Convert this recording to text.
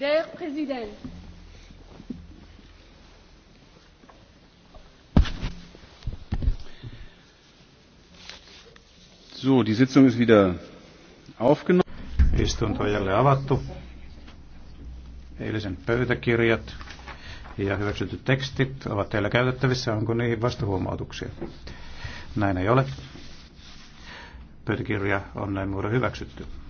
Der Präsident. So, die Sitzung ist wieder aufgenommen. Istunto on jälleen avattu. Eilisen pöytäkirjat ja hyväksytyt tekstit ovat teillä käytettävissä. Onko niihin vastahuomautuksia? Näin ei ole. Pöytäkirja on näin muodon hyväksytty.